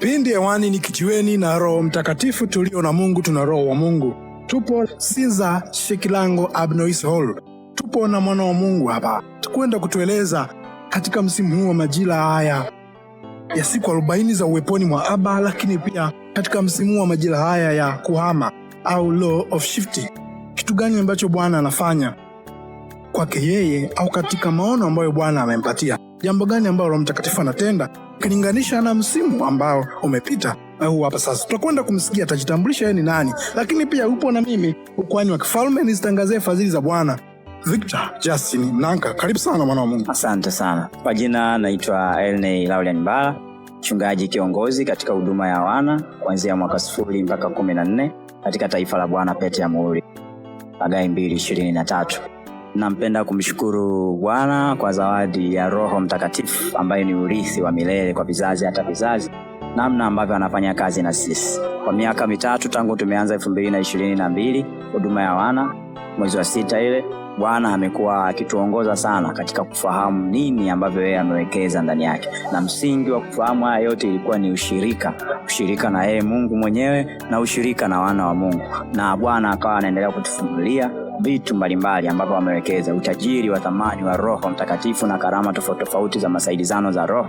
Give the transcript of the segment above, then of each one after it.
Pindi hewani ni kijiweni na Roho Mtakatifu, tulio na Mungu tuna roho wa Mungu. Tupo Sinza Shikilango Abnois Hall, tupo na mwana wa Mungu hapa tukwenda kutueleza katika msimu huu wa majira haya ya siku arobaini za uweponi mwa Aba, lakini pia katika msimu huu wa majira haya ya kuhama au law of shift, kitu gani ambacho Bwana anafanya kwake yeye au katika maono ambayo Bwana amempatia, jambo gani ambayo Roho Mtakatifu anatenda ukilinganisha na msimu ambao umepita au eh, hapa sasa tutakwenda kumsikia atajitambulisha yeye ni nani, lakini pia upo na mimi ukwani wa kifalme nizitangazie fadhili za Bwana. Victor Justin Mnanka, karibu sana mwana wa Mungu. Asante sana kwa jina, naitwa Elney Laulian Mbala, mchungaji kiongozi katika huduma ya wana kuanzia mwaka sifuri mpaka kumi na nne katika taifa la Bwana Pete ya Muhuri, agai mbili ishirini na tatu. Nampenda kumshukuru Bwana kwa zawadi ya Roho Mtakatifu ambaye ni urithi wa milele kwa vizazi hata vizazi, namna ambavyo anafanya kazi na sisi kwa miaka mitatu tangu tumeanza elfu mbili na ishirini na mbili huduma ya wana mwezi wa sita ile Bwana amekuwa akituongoza sana katika kufahamu nini ambavyo yeye amewekeza ndani yake, na msingi wa kufahamu haya yote ilikuwa ni ushirika, ushirika na yeye Mungu mwenyewe na ushirika na wana wa Mungu, na Bwana akawa anaendelea kutufungulia vitu mbalimbali ambavyo wamewekeza utajiri wa thamani wa Roho Mtakatifu na karama tofauti tofauti za masaidizano za Roho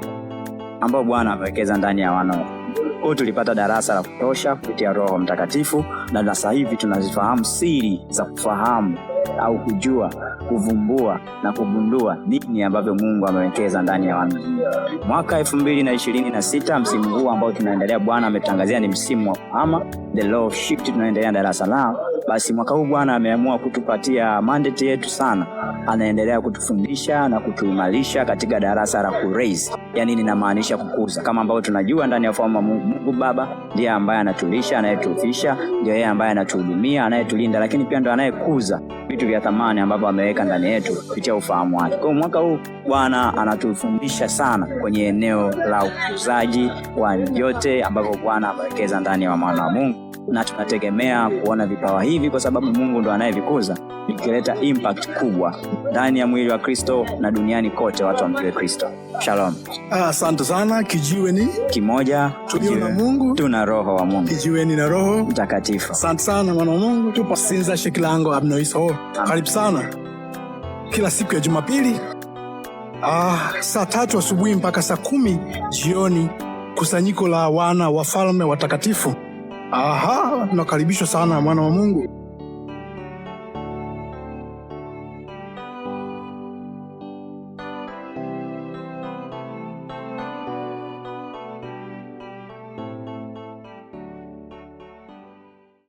ambao Bwana amewekeza ndani ya wanao. Huu tulipata darasa la kutosha kupitia Roho Mtakatifu, na sasa hivi tunazifahamu siri za kufahamu au kujua, kuvumbua na kugundua nini ambavyo Mungu amewekeza ndani ya wana. Mwaka 2026 msimu huu ambao tunaendelea, Bwana ametangazia ni msimu wa kuhama, the law shift. Tunaendelea darasa lao basi mwaka huu Bwana ameamua kutupatia mandate yetu sana, anaendelea kutufundisha na kutuimarisha katika darasa la kuraise, yaani ninamaanisha kukuza. Kama ambavyo tunajua ndani ya ufalme wa Mungu, Baba ndiye ambaye anatulisha, anayetufisha, ndio yeye ambaye anatuhudumia, anayetulinda, lakini pia ndo anayekuza vitu vya thamani ambavyo ameweka ndani yetu kupitia ufahamu wake. Kwa mwaka huu Bwana anatufundisha sana kwenye eneo la ukuzaji wa yote ambavyo Bwana amewekeza ndani ya mwana wa Mungu na tunategemea kuona vipawa hivi kwa sababu Mungu ndo anayevikuza vikileta impact kubwa ndani ya mwili wa Kristo na duniani kote watu wampiwe Kristo. Shalom. Ah, asante ah, sana. Kijiweni kimoja, tulio na Mungu, tuna roho wa Mungu. Kijiweni na Roho Mtakatifu. Asante sana mwana wa Mungu, tupo Sinza Shikilango Abnoiso. Karibu sana kila siku ya Jumapili ah, saa tatu asubuhi mpaka saa kumi jioni, kusanyiko la wana wafalme watakatifu Aha, tunakaribishwa sana mwana wa Mungu.